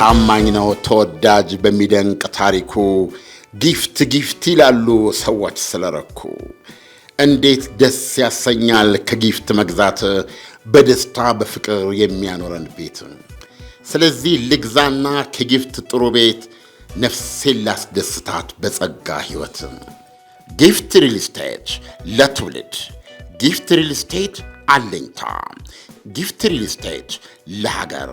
ታማኝ ነው ተወዳጅ በሚደንቅ ታሪኩ ጊፍት ጊፍት ይላሉ ሰዎች ስለረኩ። እንዴት ደስ ያሰኛል ከጊፍት መግዛት በደስታ በፍቅር የሚያኖረን ቤት። ስለዚህ ልግዛና ከጊፍት ጥሩ ቤት ነፍሴን ላስደስታት በጸጋ ሕይወት። ጊፍት ሪልስቴት ለትውልድ ጊፍት ሪልስቴት አለኝታ ጊፍት ሪልስቴት ለሀገር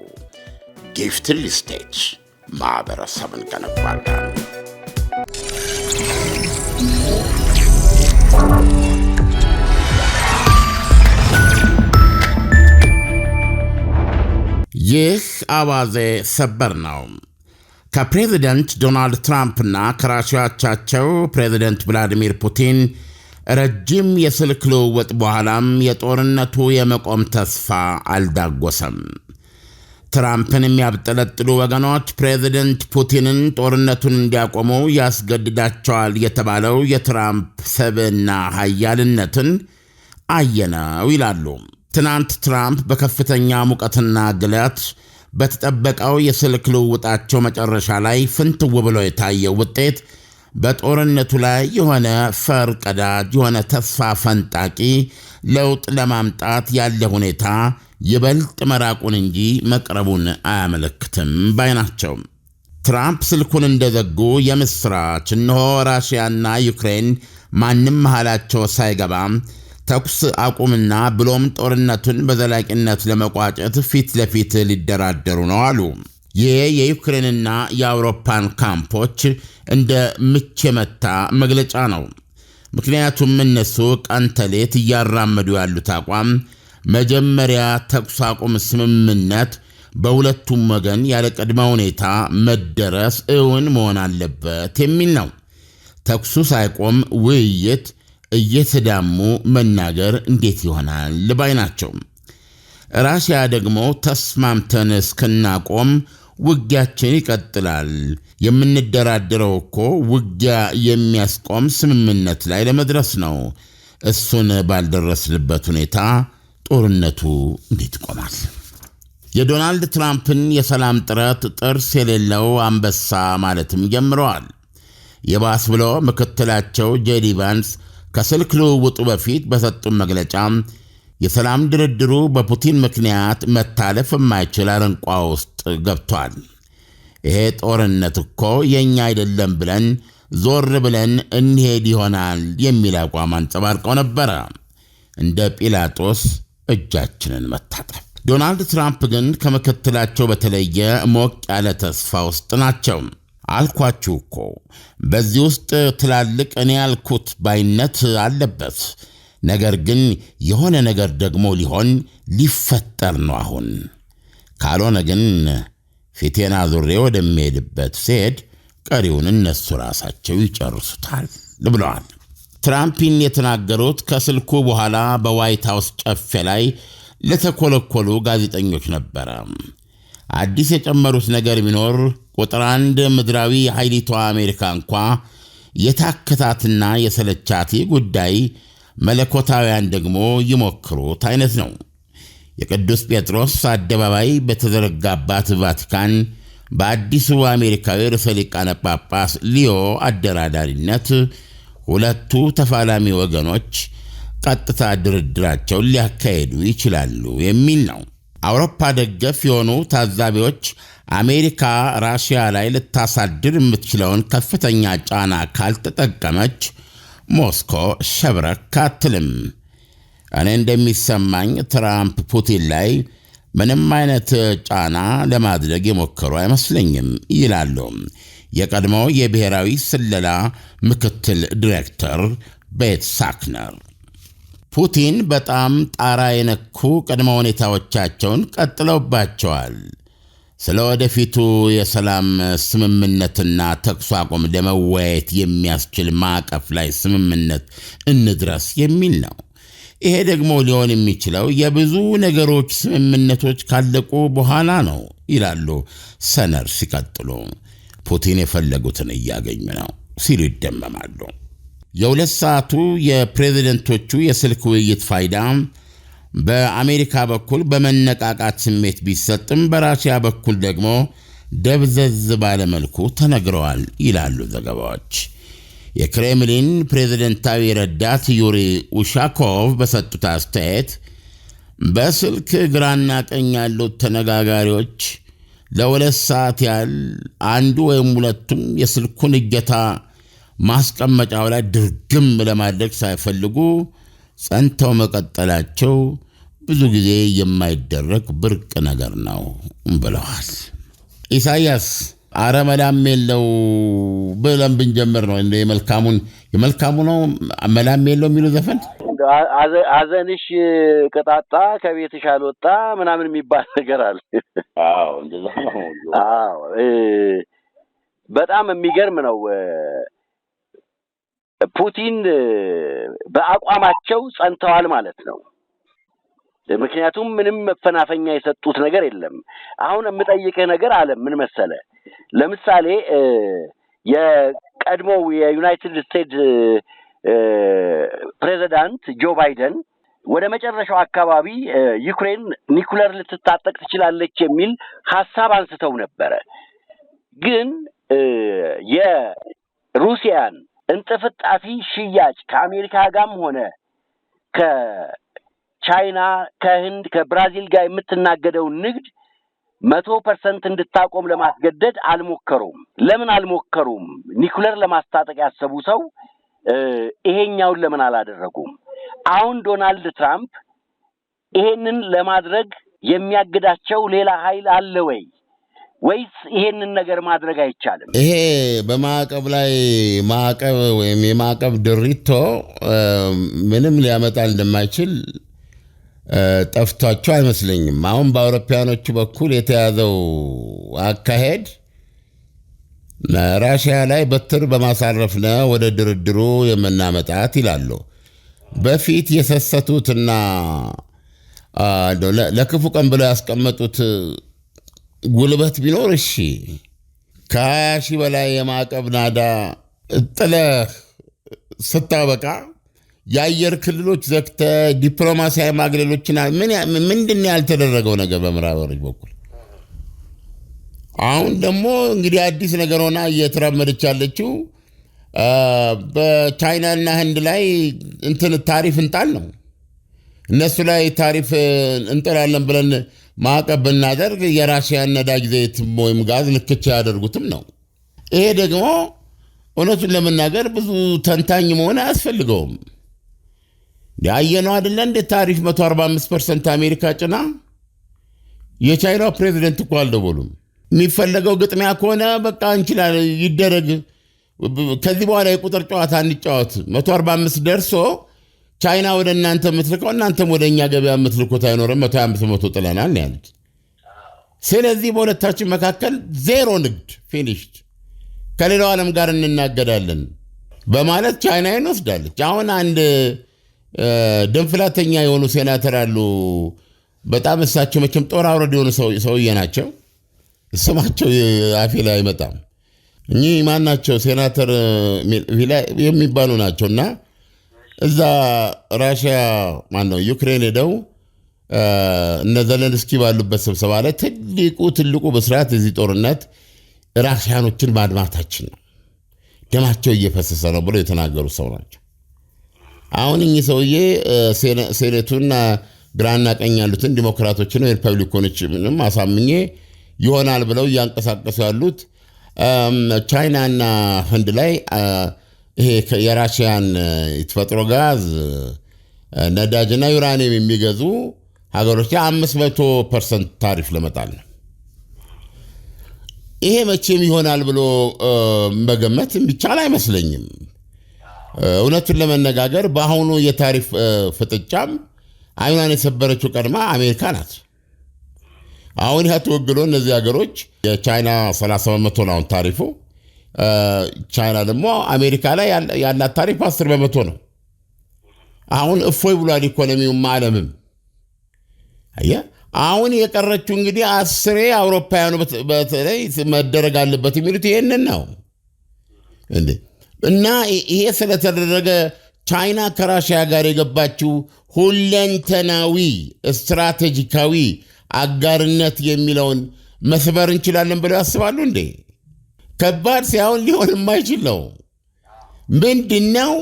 ጊፍትል ስቴት ማህበረሰብን ገነባለን። ይህ አዋዜ ሰበር ነው። ከፕሬዚደንት ዶናልድ ትራምፕና ከራሽያቻቸው ፕሬዚደንት ቭላዲሚር ፑቲን ረጅም የስልክ ልውውጥ በኋላም የጦርነቱ የመቆም ተስፋ አልዳጎሰም። ትራምፕን የሚያብጠለጥሉ ወገኖች ፕሬዚደንት ፑቲንን ጦርነቱን እንዲያቆሙ ያስገድዳቸዋል የተባለው የትራምፕ ሰብዕና ሀያልነትን አየነው ይላሉ። ትናንት ትራምፕ በከፍተኛ ሙቀትና ግለት በተጠበቀው የስልክ ልውውጣቸው መጨረሻ ላይ ፍንትው ብሎ የታየው ውጤት በጦርነቱ ላይ የሆነ ፈር ቀዳጅ የሆነ ተስፋ ፈንጣቂ ለውጥ ለማምጣት ያለ ሁኔታ ይበልጥ መራቁን እንጂ መቅረቡን አያመለክትም ባይ ናቸው። ትራምፕ ስልኩን እንደዘጉ የምስራች እነሆ ራሽያና ዩክሬን ማንም መሃላቸው ሳይገባ ተኩስ አቁምና ብሎም ጦርነቱን በዘላቂነት ለመቋጨት ፊት ለፊት ሊደራደሩ ነው አሉ። ይህ የዩክሬንና የአውሮፓን ካምፖች እንደ ምች የመታ መግለጫ ነው። ምክንያቱም እነሱ ቀን ተሌት እያራመዱ ያሉት አቋም መጀመሪያ ተኩስ አቁም ስምምነት በሁለቱም ወገን ያለ ቅድመ ሁኔታ መደረስ እውን መሆን አለበት የሚል ነው። ተኩሱ ሳይቆም ውይይት እየተዳሙ መናገር እንዴት ይሆናል ልባይ ናቸው። ራሽያ ደግሞ ተስማምተን እስክናቆም ውጊያችን ይቀጥላል። የምንደራደረው እኮ ውጊያ የሚያስቆም ስምምነት ላይ ለመድረስ ነው። እሱን ባልደረስንበት ሁኔታ ጦርነቱ እንዴት ይቆማል? የዶናልድ ትራምፕን የሰላም ጥረት ጥርስ የሌለው አንበሳ ማለትም ጀምረዋል። የባስ ብሎ ምክትላቸው ጄዲ ቫንስ ከስልክ ልውውጡ በፊት በሰጡን መግለጫ የሰላም ድርድሩ በፑቲን ምክንያት መታለፍ የማይችል አረንቋ ውስጥ ገብቷል። ይሄ ጦርነት እኮ የእኛ አይደለም ብለን ዞር ብለን እንሄድ ይሆናል የሚል አቋም አንጸባርቀው ነበረ እንደ ጲላጦስ እጃችንን መታጠብ። ዶናልድ ትራምፕ ግን ከምክትላቸው በተለየ ሞቅ ያለ ተስፋ ውስጥ ናቸው። አልኳችሁ እኮ በዚህ ውስጥ ትላልቅ እኔ ያልኩት ባይነት አለበት። ነገር ግን የሆነ ነገር ደግሞ ሊሆን ሊፈጠር ነው አሁን። ካልሆነ ግን ፊቴን አዙሬ ወደሚሄድበት ስሄድ ቀሪውን እነሱ ራሳቸው ይጨርሱታል ብለዋል። ትራምፒን የተናገሩት ከስልኩ በኋላ በዋይት ሀውስ ጨፌ ላይ ለተኮለኮሉ ጋዜጠኞች ነበረ። አዲስ የጨመሩት ነገር ቢኖር ቁጥር አንድ ምድራዊ የኃይሊቷ አሜሪካ እንኳ የታከታትና የሰለቻት ጉዳይ መለኮታውያን ደግሞ ይሞክሩት አይነት ነው። የቅዱስ ጴጥሮስ አደባባይ በተዘረጋባት ቫቲካን በአዲሱ አሜሪካዊ ርዕሰ ሊቃነ ጳጳስ ሊዮ አደራዳሪነት ሁለቱ ተፋላሚ ወገኖች ቀጥታ ድርድራቸውን ሊያካሄዱ ይችላሉ የሚል ነው። አውሮፓ ደገፍ የሆኑ ታዛቢዎች አሜሪካ ራሽያ ላይ ልታሳድር የምትችለውን ከፍተኛ ጫና ካልተጠቀመች ሞስኮ ሸብረክ አትልም። እኔ እንደሚሰማኝ ትራምፕ ፑቲን ላይ ምንም አይነት ጫና ለማድረግ የሞከሩ አይመስለኝም ይላሉ። የቀድሞ የብሔራዊ ስለላ ምክትል ዲሬክተር ቤት ሳክነር ፑቲን በጣም ጣራ የነኩ ቅድመ ሁኔታዎቻቸውን ቀጥለውባቸዋል። ስለ ወደፊቱ የሰላም ስምምነትና ተኩስ አቁም ለመወያየት የሚያስችል ማዕቀፍ ላይ ስምምነት እንድረስ የሚል ነው። ይሄ ደግሞ ሊሆን የሚችለው የብዙ ነገሮች ስምምነቶች ካለቁ በኋላ ነው ይላሉ ሰነር ሲቀጥሉ ፑቲን የፈለጉትን እያገኙ ነው ሲሉ ይደመማሉ። የሁለት ሰዓቱ የፕሬዝደንቶቹ የስልክ ውይይት ፋይዳ በአሜሪካ በኩል በመነቃቃት ስሜት ቢሰጥም በራሽያ በኩል ደግሞ ደብዘዝ ባለመልኩ ተነግረዋል ይላሉ ዘገባዎች። የክሬምሊን ፕሬዝደንታዊ ረዳት ዩሪ ኡሻኮቭ በሰጡት አስተያየት በስልክ ግራና ቀኝ ያሉት ተነጋጋሪዎች ለሁለት ሰዓት ያህል አንዱ ወይም ሁለቱም የስልኩን እጀታ ማስቀመጫው ላይ ድርግም ለማድረግ ሳይፈልጉ ጸንተው መቀጠላቸው ብዙ ጊዜ የማይደረግ ብርቅ ነገር ነው ብለዋል። ኢሳያስ መላም የለው ብለን ብንጀምር ነው የመልካሙ ነው መላም የለው የሚሉ ዘፈን አዘንሽ ቅጣጣ ከቤትሽ አልወጣ ምናምን የሚባል ነገር አለ። አዎ እንደዛ ነው። አዎ በጣም የሚገርም ነው። ፑቲን በአቋማቸው ጸንተዋል ማለት ነው። ምክንያቱም ምንም መፈናፈኛ የሰጡት ነገር የለም። አሁን የምጠይቅህ ነገር አለ ምን መሰለ፣ ለምሳሌ የቀድሞው የዩናይትድ ስቴትስ ፕሬዚዳንት ጆ ባይደን ወደ መጨረሻው አካባቢ ዩክሬን ኒኩለር ልትታጠቅ ትችላለች የሚል ሀሳብ አንስተው ነበረ። ግን የሩሲያን እንጥፍጣፊ ሽያጭ ከአሜሪካ ጋርም ሆነ ከቻይና፣ ከህንድ፣ ከብራዚል ጋር የምትናገደውን ንግድ መቶ ፐርሰንት እንድታቆም ለማስገደድ አልሞከሩም። ለምን አልሞከሩም? ኒኩለር ለማስታጠቅ ያሰቡ ሰው ይሄኛውን ለምን አላደረጉም? አሁን ዶናልድ ትራምፕ ይሄንን ለማድረግ የሚያግዳቸው ሌላ ኃይል አለ ወይ ወይስ ይሄንን ነገር ማድረግ አይቻልም? ይሄ በማዕቀብ ላይ ማዕቀብ ወይም የማዕቀብ ድሪቶ ምንም ሊያመጣ እንደማይችል ጠፍቷቸው አይመስለኝም። አሁን በአውሮፓያኖቹ በኩል የተያዘው አካሄድ ራሽያ ላይ በትር በማሳረፍ ነው ወደ ድርድሩ የምናመጣት ይላሉ። በፊት የሰሰቱትና ለክፉ ቀን ብለው ያስቀመጡት ጉልበት ቢኖር እሺ፣ ከሀያ ሺህ በላይ የማዕቀብ ናዳ ጥለህ ስታበቃ የአየር ክልሎች ዘግተ ዲፕሎማሲያዊ ማግለሎችን ምንድን ያልተደረገው ነገር በምዕራብ በኩል አሁን ደግሞ እንግዲህ አዲስ ነገር ሆና እየተራመደች ያለችው በቻይናና ህንድ ላይ እንትን ታሪፍ እንጣል ነው። እነሱ ላይ ታሪፍ እንጥላለን ብለን ማዕቀብ ብናደርግ የራሽያን ነዳጅ ዘይት ወይም ጋዝ ንክቻ ያደርጉትም ነው። ይሄ ደግሞ እውነቱን ለመናገር ብዙ ተንታኝ መሆን አያስፈልገውም። ያየነው አይደለ እንደ ታሪፍ 145 ፐርሰንት አሜሪካ ጭና የቻይናው ፕሬዚደንት እኮ አልደወሉም። የሚፈለገው ግጥሚያ ከሆነ በቃ እንችላለን ይደረግ። ከዚህ በኋላ የቁጥር ጨዋታ እንጫወት። 145 ደርሶ ቻይና ወደ እናንተ የምትልከው እናንተም ወደ እኛ ገበያ የምትልኩት አይኖርም። 125 መቶ ጥለናል ያሉት። ስለዚህ በሁለታችን መካከል ዜሮ ንግድ ፊኒሽድ፣ ከሌላው ዓለም ጋር እንናገዳለን በማለት ቻይና ይንወስዳለች። አሁን አንድ ደንፍላተኛ የሆኑ ሴናተር አሉ። በጣም እሳቸው መቼም ጦር አውረድ የሆኑ ሰውዬ ናቸው ስማቸው አፌ ላይ አይመጣም። እኚህ ማን ናቸው? ሴናተር የሚባሉ ናቸው እና እዛ ራሽያ ነው ዩክሬን ሄደው እነ ዘለንስኪ ባሉበት ስብሰባ ላይ ትልቁ ትልቁ በስርዓት እዚህ ጦርነት ራሽያኖችን ማድማታችን ነው፣ ደማቸው እየፈሰሰ ነው ብሎ የተናገሩ ሰው ናቸው። አሁን እኚህ ሰውዬ ሴኔቱና ግራና ቀኝ ያሉትን ዲሞክራቶችን ሪፐብሊኮኖች ምንም አሳምኜ ይሆናል ብለው እያንቀሳቀሱ ያሉት ቻይናና ህንድ ላይ ይሄ የራሽያን የተፈጥሮ ጋዝ ነዳጅና ዩራኒየም የሚገዙ ሀገሮች ላይ አምስት መቶ ፐርሰንት ታሪፍ ለመጣል ነው። ይሄ መቼም ይሆናል ብሎ መገመት የሚቻል አይመስለኝም። እውነቱን ለመነጋገር በአሁኑ የታሪፍ ፍጥጫም አይኗን የሰበረችው ቀድማ አሜሪካ ናት። አሁን ያ ተወግሎ እነዚህ ሀገሮች የቻይና 30 በመቶ ነው አሁን ታሪፉ። ቻይና ደግሞ አሜሪካ ላይ ያላት ታሪፍ 10 በመቶ ነው። አሁን እፎይ ብሏል ኢኮኖሚውም ዓለምም። አየህ አሁን የቀረችው እንግዲህ አስሬ አውሮፓውያኑ በተለይ መደረግ አለበት የሚሉት ይህንን ነው እና ይሄ ስለተደረገ ቻይና ከራሽያ ጋር የገባችው ሁለንተናዊ ስትራቴጂካዊ አጋርነት የሚለውን መስበር እንችላለን ብለው ያስባሉ እንዴ? ከባድ ሳይሆን ሊሆን የማይችል ነው። ምንድነው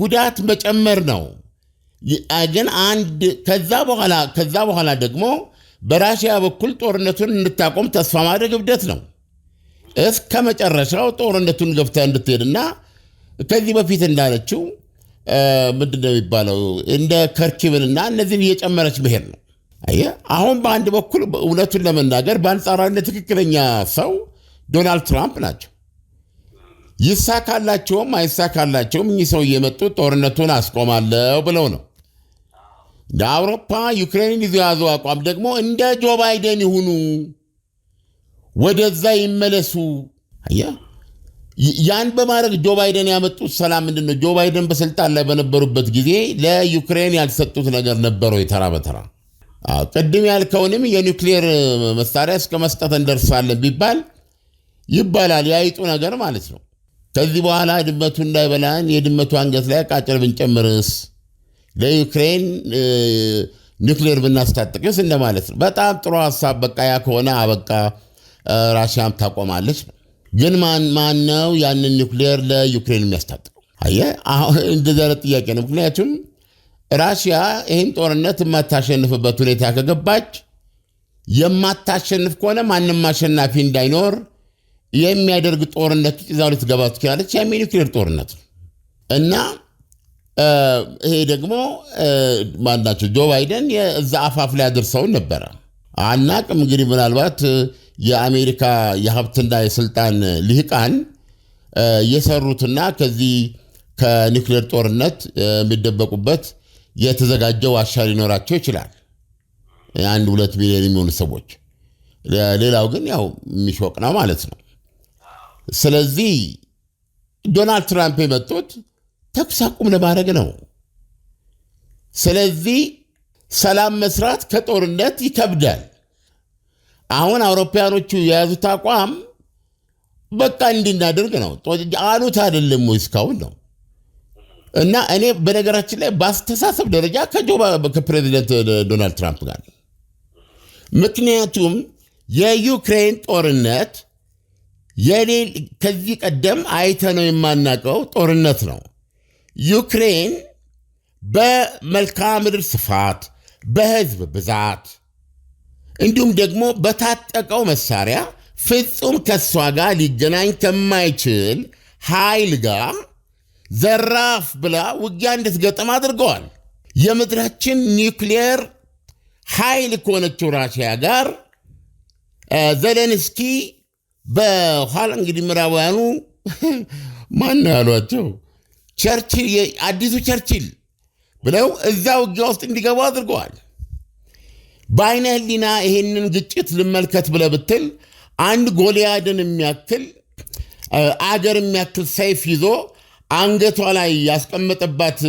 ጉዳት መጨመር ነው። ግን አንድ ከዛ በኋላ ከዛ በኋላ ደግሞ በራሽያ በኩል ጦርነቱን እንድታቆም ተስፋ ማድረግ እብደት ነው። እስከ መጨረሻው ጦርነቱን ገብታ እንድትሄድና ከዚህ በፊት እንዳለችው ምንድነው የሚባለው እንደ ከርኪብንና እነዚህን እየጨመረች ብሄድ ነው። አሁን በአንድ በኩል እውነቱን ለመናገር በአንጻራዊነት ትክክለኛ ሰው ዶናልድ ትራምፕ ናቸው። ይሳካላቸውም አይሳካላቸውም እኚህ ሰው እየመጡ ጦርነቱን አስቆማለሁ ብለው ነው። አውሮፓ ዩክሬንን ይዞ የያዘው አቋም ደግሞ እንደ ጆ ባይደን ይሁኑ፣ ወደዛ ይመለሱ። ያን በማድረግ ጆ ባይደን ያመጡት ሰላም ምንድን ነው? ጆ ባይደን በስልጣን ላይ በነበሩበት ጊዜ ለዩክሬን ያልሰጡት ነገር ነበረው የተራ በተራ ቅድም ያልከውንም የኒውክሌር መሳሪያ እስከ መስጠት እንደርሳለን ቢባል ይባላል። ያይጡ ነገር ማለት ነው። ከዚህ በኋላ ድመቱ እንዳይበላን የድመቱ አንገት ላይ ቃጭል ብንጨምርስ፣ ለዩክሬን ኒውክሌር ብናስታጥቅስ እንደማለት ነው። በጣም ጥሩ ሀሳብ። በቃ ያ ከሆነ አበቃ፣ ራሽያም ታቆማለች። ግን ማን ነው ያንን ኒውክሌር ለዩክሬን የሚያስታጥቀው? አየህ፣ እንደዚህ ጥያቄ ነው። ምክንያቱም ራሽያ ይህን ጦርነት የማታሸንፍበት ሁኔታ ከገባች የማታሸንፍ ከሆነ ማንም አሸናፊ እንዳይኖር የሚያደርግ ጦርነት ዛው ልትገባ ትችላለች። ያም የኒውክሌር ጦርነት እና ይሄ ደግሞ ማናቸው ጆ ባይደን የዛ አፋፍ ላይ አድርሰውን ነበረ። አናቅም እንግዲህ ምናልባት የአሜሪካ የሀብትና የስልጣን ልሂቃን የሰሩትና ከዚህ ከኒውክሌር ጦርነት የሚደበቁበት የተዘጋጀ ዋሻ ሊኖራቸው ይችላል። አንድ ሁለት ሚሊዮን የሚሆኑ ሰዎች፣ ሌላው ግን ያው የሚሾቅ ነው ማለት ነው። ስለዚህ ዶናልድ ትራምፕ የመጡት ተኩስ አቁም ለማድረግ ነው። ስለዚህ ሰላም መስራት ከጦርነት ይከብዳል። አሁን አውሮፓያኖቹ የያዙት አቋም በቃ እንዲናደርግ ነው። አሉት አይደለም ወይ? እስካሁን ነው እና እኔ በነገራችን ላይ በአስተሳሰብ ደረጃ ከጆ ከፕሬዚደንት ዶናልድ ትራምፕ ጋር ምክንያቱም የዩክሬን ጦርነት ከዚህ ቀደም አይተነው የማናውቀው ጦርነት ነው። ዩክሬን በመልክዓ ምድር ስፋት፣ በህዝብ ብዛት እንዲሁም ደግሞ በታጠቀው መሳሪያ ፍጹም ከሷ ጋር ሊገናኝ ከማይችል ኃይል ጋር ዘራፍ ብላ ውጊያ እንድትገጥም አድርገዋል። የምድራችን ኒውክሊየር ኃይል ከሆነችው ራሽያ ጋር ዘለንስኪ በኋላ እንግዲህ ምዕራባውያኑ ማን ነው ያሏቸው? ቸርችል አዲሱ ቸርችል ብለው እዛ ውጊያ ውስጥ እንዲገቡ አድርገዋል። በአይነ ህሊና ይሄንን ግጭት ልመልከት ብለህ ብትል አንድ ጎልያድን የሚያክል አገር የሚያክል ሰይፍ ይዞ አንገቷ ላይ ያስቀመጠባት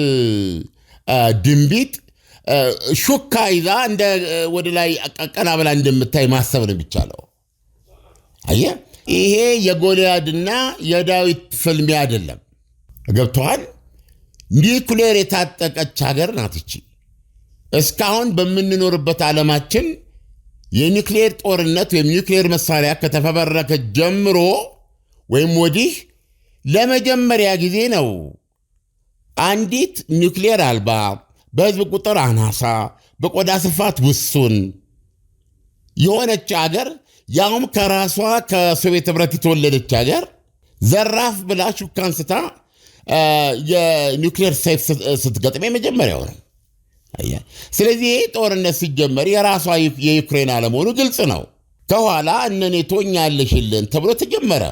ድንቢጥ ሹካ ይዛ እንደ ወደ ላይ ቀና ብላ እንደምታይ ማሰብ ነው የሚቻለው። አየህ፣ ይሄ የጎልያድና የዳዊት ፍልሚያ አይደለም። ገብተዋል። ኒውክሌር የታጠቀች ሀገር ናት እስካሁን በምንኖርበት ዓለማችን የኒውክሌር ጦርነት ወይም ኒውክሌር መሳሪያ ከተፈበረከ ጀምሮ ወይም ወዲህ ለመጀመሪያ ጊዜ ነው አንዲት ኒውክሌር አልባ በህዝብ ቁጥር አናሳ በቆዳ ስፋት ውሱን የሆነች አገር ያውም ከራሷ ከሶቪየት ህብረት የተወለደች ሀገር ዘራፍ ብላ ሹካ አንስታ የኒውክሌር ሴፍ ስትገጥም የመጀመሪያው ነው። ስለዚህ ይህ ጦርነት ሲጀመር የራሷ የዩክሬን አለመሆኑ ግልጽ ነው። ከኋላ እነኔ ኔቶ ያለሽልን ተብሎ ተጀመረ።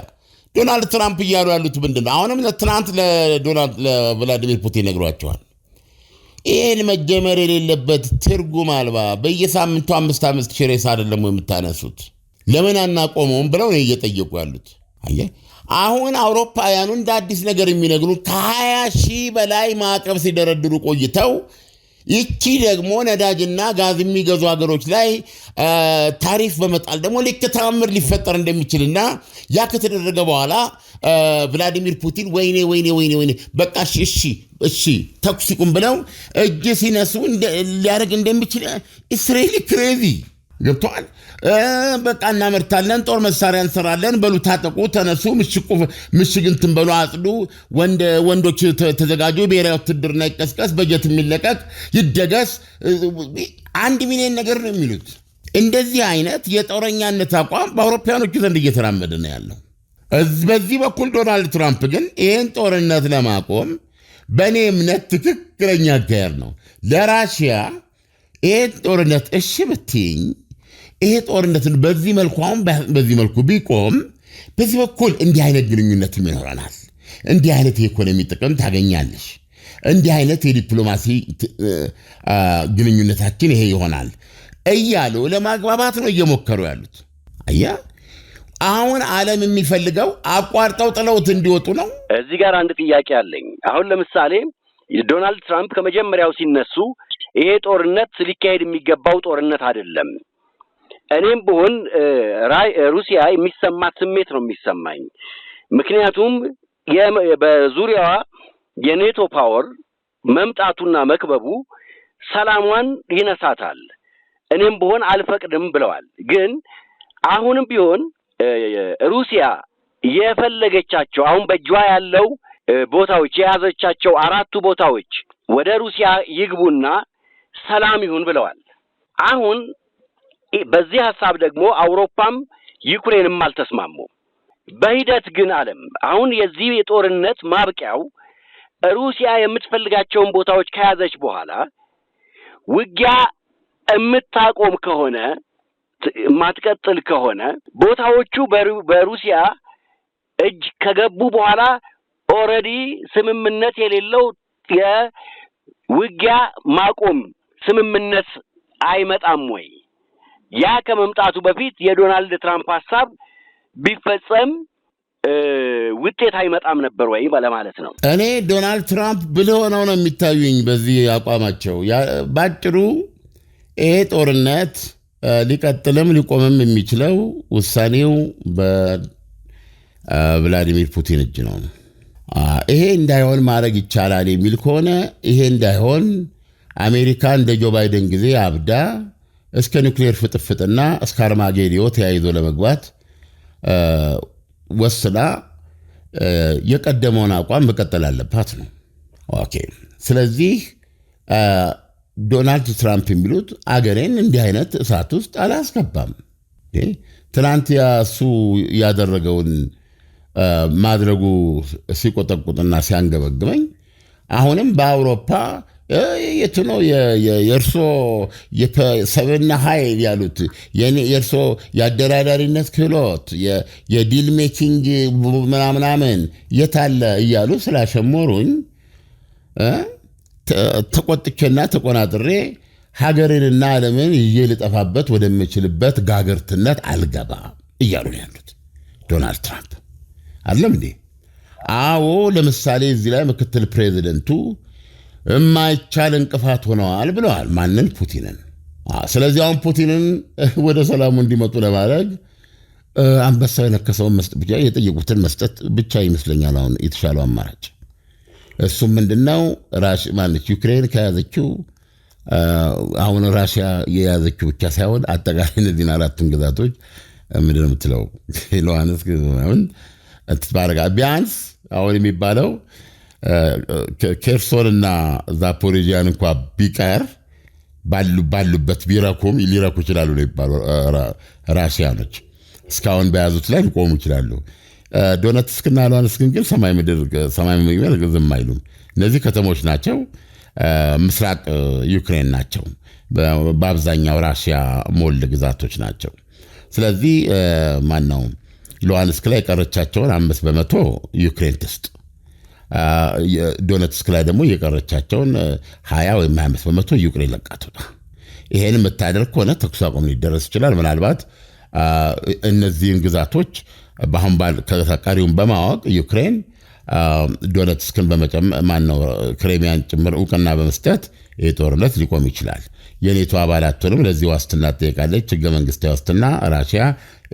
ዶናልድ ትራምፕ እያሉ ያሉት ምንድን ነው? አሁንም ትናንት ለቭላዲሚር ፑቲን ነግሯቸዋል። ይህን መጀመር የሌለበት ትርጉም አልባ በየሳምንቱ አምስት አምስት ሺህ ሬሳ አይደለም የምታነሱት ለምን አናቆመውም ብለው ነው እየጠየቁ ያሉት። አሁን አውሮፓውያኑ እንደ አዲስ ነገር የሚነግሩ ከ20 ሺህ በላይ ማዕቀብ ሲደረድሩ ቆይተው ይቺ ደግሞ ነዳጅና ጋዝ የሚገዙ ሀገሮች ላይ ታሪፍ በመጣል ደግሞ ልክ ተአምር ሊፈጠር እንደሚችልና ያ ከተደረገ በኋላ ቭላዲሚር ፑቲን ወይኔ ወይኔ ወይኔ ወይኔ በቃ እሺ እሺ ተኩስ ይቁም ብለው እጅ ሲነሱ ሊያደርግ እንደሚችል ኢስራኤል ክሬዚ ገብተዋል። በቃ እናመርታለን፣ ጦር መሳሪያ እንሰራለን፣ በሉ ታጠቁ፣ ተነሱ፣ ምሽግ እንትን በሉ፣ አጽዱ፣ ወንዶች ተዘጋጁ፣ ብሔራዊ ውትድርና ይቀስቀስ፣ በጀት የሚለቀቅ ይደገስ፣ አንድ ሚሊዮን ነገር ነው የሚሉት። እንደዚህ አይነት የጦረኛነት አቋም በአውሮፓያኖቹ ዘንድ እየተራመደ ነው ያለው። በዚህ በኩል ዶናልድ ትራምፕ ግን ይህን ጦርነት ለማቆም በእኔ እምነት ትክክለኛ አካሄድ ነው ለራሽያ ይህን ጦርነት እሺ ብትይኝ ይሄ ጦርነትን በዚህ መልኩ አሁን በዚህ መልኩ ቢቆም በዚህ በኩል እንዲህ አይነት ግንኙነትም ይኖረናል። እንዲህ አይነት የኢኮኖሚ ጥቅም ታገኛለሽ። እንዲህ አይነት የዲፕሎማሲ ግንኙነታችን ይሄ ይሆናል እያሉ ለማግባባት ነው እየሞከሩ ያሉት። አያ አሁን ዓለም የሚፈልገው አቋርጠው ጥለውት እንዲወጡ ነው። እዚህ ጋር አንድ ጥያቄ አለኝ። አሁን ለምሳሌ ዶናልድ ትራምፕ ከመጀመሪያው ሲነሱ ይሄ ጦርነት ሊካሄድ የሚገባው ጦርነት አይደለም እኔም ብሆን ሩሲያ የሚሰማት ስሜት ነው የሚሰማኝ። ምክንያቱም በዙሪያዋ የኔቶ ፓወር መምጣቱና መክበቡ ሰላሟን ይነሳታል። እኔም ብሆን አልፈቅድም ብለዋል። ግን አሁንም ቢሆን ሩሲያ የፈለገቻቸው አሁን በእጇ ያለው ቦታዎች የያዘቻቸው አራቱ ቦታዎች ወደ ሩሲያ ይግቡና ሰላም ይሁን ብለዋል። አሁን በዚህ ሀሳብ ደግሞ አውሮፓም ዩክሬንም አልተስማሙም። በሂደት ግን አለም አሁን የዚህ የጦርነት ማብቂያው ሩሲያ የምትፈልጋቸውን ቦታዎች ከያዘች በኋላ ውጊያ የምታቆም ከሆነ ማትቀጥል ከሆነ ቦታዎቹ በሩሲያ እጅ ከገቡ በኋላ ኦልሬዲ ስምምነት የሌለው የውጊያ ማቆም ስምምነት አይመጣም ወይ? ያ ከመምጣቱ በፊት የዶናልድ ትራምፕ ሀሳብ ቢፈጸም ውጤት አይመጣም ነበር ወይ ለማለት ነው። እኔ ዶናልድ ትራምፕ ብልህ ሆነው ነው የሚታዩኝ በዚህ አቋማቸው። ባጭሩ ይሄ ጦርነት ሊቀጥልም ሊቆምም የሚችለው ውሳኔው በቭላዲሚር ፑቲን እጅ ነው። ይሄ እንዳይሆን ማድረግ ይቻላል የሚል ከሆነ ይሄ እንዳይሆን አሜሪካ እንደ ጆ ባይደን ጊዜ አብዳ እስከ ኒውክሌር ፍጥፍጥና እስከ አርማጌዲዮ ተያይዞ ለመግባት ወስና የቀደመውን አቋም መቀጠል አለባት ነው። ኦኬ። ስለዚህ ዶናልድ ትራምፕ የሚሉት አገሬን እንዲህ አይነት እሳት ውስጥ አላስገባም። ትናንት ያሱ ያደረገውን ማድረጉ ሲቆጠቁጥና ሲያንገበግመኝ አሁንም በአውሮፓ የቱ ነው የእርሶ ሰብና ኃይል ያሉት የእርሶ የአደራዳሪነት ክህሎት የዲል ሜኪንግ ምናምናምን አለ እያሉ ስላሸሞሩኝ ተቆጥቼና ተቆናጥሬ ሀገሬንና ዓለምን ይዤ ልጠፋበት ወደምችልበት ጋገርትነት አልገባ እያሉ ነው ያሉት ዶናልድ ትራምፕ። አለም እንዴ? አዎ። ለምሳሌ እዚህ ላይ ምክትል ፕሬዚደንቱ የማይቻል እንቅፋት ሆነዋል ብለዋል። ማንን? ፑቲንን። ስለዚህ አሁን ፑቲንን ወደ ሰላሙ እንዲመጡ ለማድረግ አንበሳ የነከሰውን መስጠት ብቻ የጠየቁትን መስጠት ብቻ ይመስለኛል አሁን የተሻለው አማራጭ። እሱም ምንድነው ማነች ዩክሬን ከያዘችው አሁን ራሽያ የያዘችው ብቻ ሳይሆን አጠቃላይ እነዚህን አራቱን ግዛቶች ምንድን ነው የምትለው ትባረጋ ቢያንስ አሁን የሚባለው ኬርሶንና ዛፖሬጂያን እንኳ ቢቀር ባሉበት ቢረኩም ሊረኩ ይችላሉ ነው ይባሉ። እስካሁን በያዙት ላይ ሊቆሙ ይችላሉ። ዶነትስክና ሉሃንስክን ግን ሰማይ ምድር ዝም አይሉም። እነዚህ ከተሞች ናቸው። ምስራቅ ዩክሬን ናቸው። በአብዛኛው ራሽያ ሞል ግዛቶች ናቸው። ስለዚህ ማነው ነው ሉሃንስክ ላይ የቀረቻቸውን አምስት በመቶ ዩክሬን ትስጥ። ዶነትስክ ላይ ደግሞ የቀረቻቸውን ሀያ ወይም ሀያ በመቶ ዩክሬን ለቃቱታ ይሄን የምታደርግ ከሆነ ተኩስ አቁም ሊደረስ ይችላል። ምናልባት እነዚህን ግዛቶች በአሁን ተቀሪውን በማወቅ ዩክሬን ዶነትስክን በመጨመር ማነው ክሬሚያን ጭምር እውቅና በመስጠት ይህ ጦርነት ሊቆም ይችላል። የኔቶ አባላቱንም ለዚህ ዋስትና ትጠይቃለች። ሕገ መንግስታዊ ዋስትና ራሽያ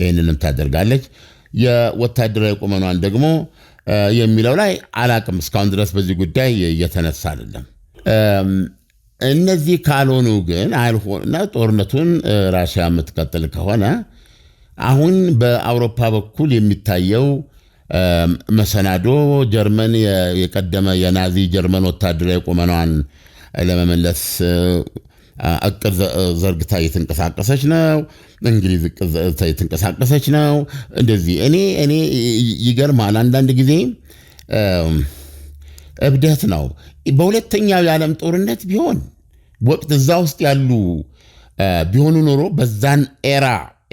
ይህንንም ታደርጋለች። የወታደራዊ ቁመኗን ደግሞ የሚለው ላይ አላቅም። እስካሁን ድረስ በዚህ ጉዳይ እየተነሳ አይደለም። እነዚህ ካልሆኑ ግን እና ጦርነቱን ራሽያ የምትቀጥል ከሆነ አሁን በአውሮፓ በኩል የሚታየው መሰናዶ ጀርመን የቀደመ የናዚ ጀርመን ወታደራዊ ቁመናዋን ለመመለስ እቅድ ዘርግታ እየተንቀሳቀሰች ነው። እንግሊዝ እቅድ ዘርግታ እየተንቀሳቀሰች ነው። እንደዚህ እኔ እኔ ይገርማል። አንዳንድ ጊዜ እብደት ነው። በሁለተኛው የዓለም ጦርነት ቢሆን ወቅት እዛ ውስጥ ያሉ ቢሆኑ ኖሮ በዛን ኤራ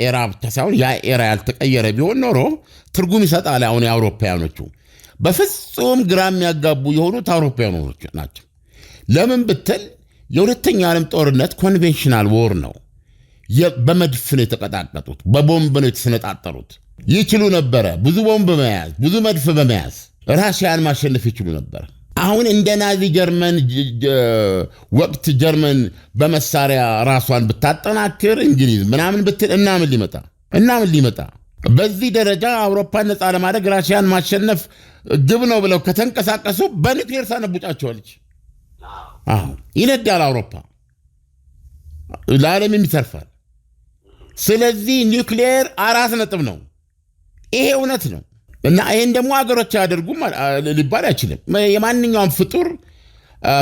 ኤራ ብቻ ሳይሆን ያ ኤራ ያልተቀየረ ቢሆን ኖሮ ትርጉም ይሰጣል። አሁን የአውሮፓውያኖቹ በፍጹም ግራ የሚያጋቡ የሆኑት አውሮፓውያኖች ናቸው። ለምን ብትል የሁለተኛው ዓለም ጦርነት ኮንቬንሽናል ዎር ነው። በመድፍ ነው የተቀጣቀጡት፣ በቦምብ ነው የተሰነጣጠሩት። ይችሉ ነበረ ብዙ ቦምብ በመያዝ ብዙ መድፍ በመያዝ ራሽያን ማሸነፍ ይችሉ ነበር። አሁን እንደ ናዚ ጀርመን ወቅት ጀርመን በመሳሪያ ራሷን ብታጠናክር እንግሊዝ ምናምን ብትል እናምን ሊመጣ እናምን ሊመጣ በዚህ ደረጃ አውሮፓን ነፃ ለማድረግ ራሽያን ማሸነፍ ግብ ነው ብለው ከተንቀሳቀሱ በኒውክሌር ታነቡጫቸዋለች። ይነዳል። አውሮፓ ለዓለምም ይተርፋል። ስለዚህ ኒውክሌየር አራት ነጥብ ነው። ይሄ እውነት ነው እና ይህን ደግሞ ሀገሮች አያደርጉም ሊባል አይችልም። የማንኛውም ፍጡር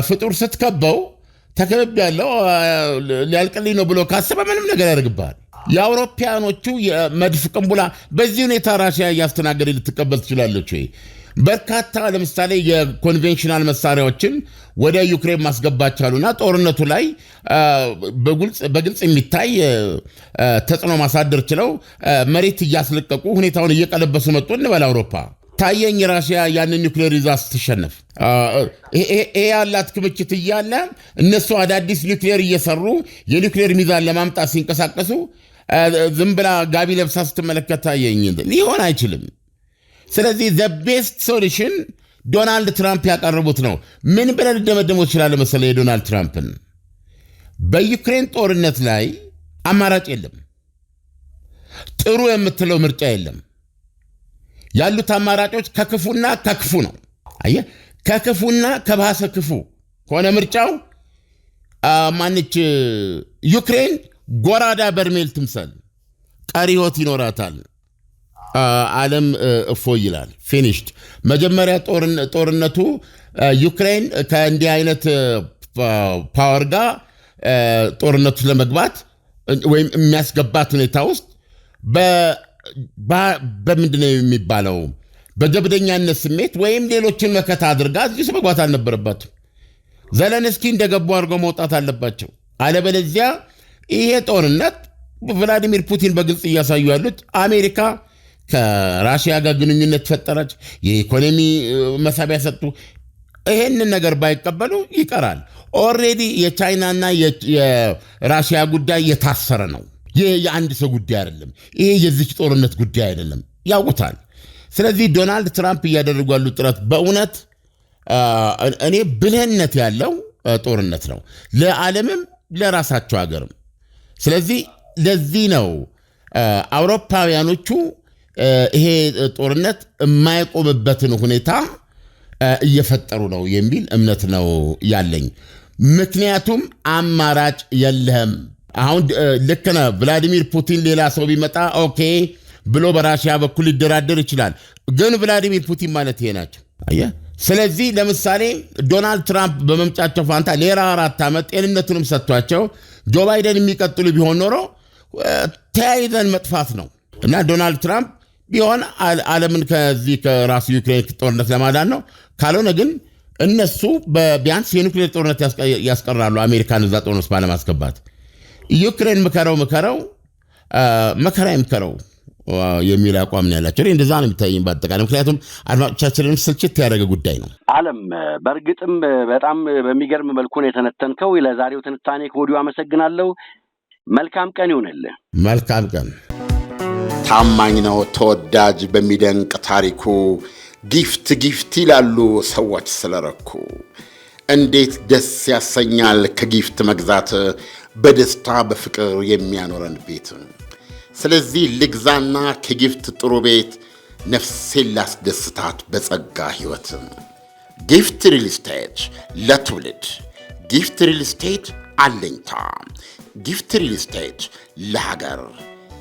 ፍጡር ስትከበው ተከብብ ያለው ሊያልቅልኝ ነው ብሎ ካሰበ ምንም ነገር ያደርግብሃል። የአውሮፓያኖቹ የመድፍ ቅንቡላ በዚህ ሁኔታ ራሽያ እያስተናገደ ልትቀበል ትችላለች ወይ? በርካታ ለምሳሌ የኮንቬንሽናል መሳሪያዎችን ወደ ዩክሬን ማስገባት ቻሉና ጦርነቱ ላይ በግልጽ የሚታይ ተጽዕኖ ማሳደር ችለው መሬት እያስለቀቁ ሁኔታውን እየቀለበሱ መጡ እንበል አውሮፓ ታየኝ ራሽያ ያንን ኒውክሌር ይዛ ስትሸነፍ ይሄ ያላት ክምችት እያለ እነሱ አዳዲስ ኒውክሌር እየሰሩ የኒውክሌር ሚዛን ለማምጣት ሲንቀሳቀሱ ዝም ብላ ጋቢ ለብሳ ስትመለከት ታየኝ ሊሆን አይችልም። ስለዚህ ዘ ቤስት ሶሉሽን ዶናልድ ትራምፕ ያቀረቡት ነው። ምን ብለን ልደመደመው ይችላለ መሰለ የዶናልድ ትራምፕን በዩክሬን ጦርነት ላይ አማራጭ የለም፣ ጥሩ የምትለው ምርጫ የለም። ያሉት አማራጮች ከክፉና ከክፉ ነው። አየ ከክፉና ከባሰ ክፉ ከሆነ ምርጫው ማንች ዩክሬን ጎራዳ በርሜል ትምሰል ቀሪ ሕይወት ይኖራታል። ዓለም እፎ ይላል። ፊኒሽድ መጀመሪያ ጦርነቱ ዩክሬን ከእንዲህ አይነት ፓወር ጋር ጦርነቱ ለመግባት ወይም የሚያስገባት ሁኔታ ውስጥ በምንድነው የሚባለው በጀብደኛነት ስሜት ወይም ሌሎችን መከታ አድርጋ እዚህ ውስጥ መግባት አልነበረባትም። ዘለንስኪ እንደገቡ አድርጎ መውጣት አለባቸው። አለበለዚያ ይሄ ጦርነት ቭላዲሚር ፑቲን በግልጽ እያሳዩ ያሉት አሜሪካ ከራሽያ ጋር ግንኙነት ፈጠረች፣ የኢኮኖሚ መሳቢያ ሰጡ። ይሄንን ነገር ባይቀበሉ ይቀራል። ኦልሬዲ የቻይናና የራሽያ ጉዳይ የታሰረ ነው። ይህ የአንድ ሰው ጉዳይ አይደለም። ይሄ የዚች ጦርነት ጉዳይ አይደለም፣ ያውቁታል። ስለዚህ ዶናልድ ትራምፕ እያደረጉ ያሉት ጥረት በእውነት እኔ ብልህነት ያለው ጦርነት ነው ለዓለምም ለራሳቸው ሀገርም። ስለዚህ ለዚህ ነው አውሮፓውያኖቹ ይሄ ጦርነት የማይቆምበትን ሁኔታ እየፈጠሩ ነው የሚል እምነት ነው ያለኝ። ምክንያቱም አማራጭ የለህም። አሁን ልክ ነህ። ቭላዲሚር ፑቲን ሌላ ሰው ቢመጣ ኦኬ ብሎ በራሽያ በኩል ሊደራደር ይችላል። ግን ቭላዲሚር ፑቲን ማለት ይሄ ናቸው። ስለዚህ ለምሳሌ ዶናልድ ትራምፕ በመምጫቸው ፋንታ ሌላ አራት ዓመት ጤንነቱንም ሰጥቷቸው ጆ ባይደን የሚቀጥሉ ቢሆን ኖሮ ተያይዘን መጥፋት ነው እና ዶናልድ ትራምፕ ቢሆን ዓለምን ከዚህ ከራሱ ዩክሬን ጦርነት ለማዳን ነው። ካልሆነ ግን እነሱ ቢያንስ የኒክሌር ጦርነት ያስቀራሉ። አሜሪካን እዛ ጦርነት ባለማስገባት ዩክሬን ምከረው ምከረው መከራ ይምከረው የሚል አቋም ነው ያላቸው። እንደዛ ነው የሚታየኝ በአጠቃላይ። ምክንያቱም አድማጮቻችንን ስልችት ያደረገ ጉዳይ ነው። አለም በእርግጥም በጣም በሚገርም መልኩ ነው የተነተንከው። ለዛሬው ትንታኔ ከወዲሁ አመሰግናለሁ። መልካም ቀን ይሆንልህ። መልካም ቀን ታማኝ ነው ተወዳጅ በሚደንቅ ታሪኩ ጊፍት ጊፍት ይላሉ ሰዎች ስለረኩ። እንዴት ደስ ያሰኛል ከጊፍት መግዛት በደስታ በፍቅር የሚያኖረን ቤት። ስለዚህ ልግዛና ከጊፍት ጥሩ ቤት ነፍሴን ላስደስታት በጸጋ ሕይወት። ጊፍት ሪል ስቴት ለትውልድ ጊፍት ሪል ስቴት አለኝታ ጊፍት ሪል ስቴት ለሀገር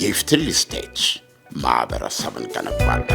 ጊፍትል ስቴትስ ማህበረሰብን ገነባለን።